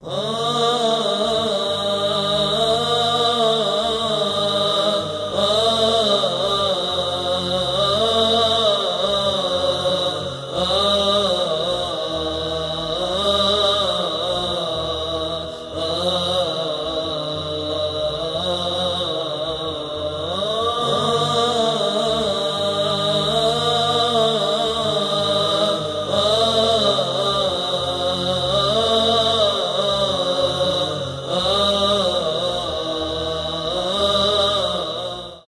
Oh.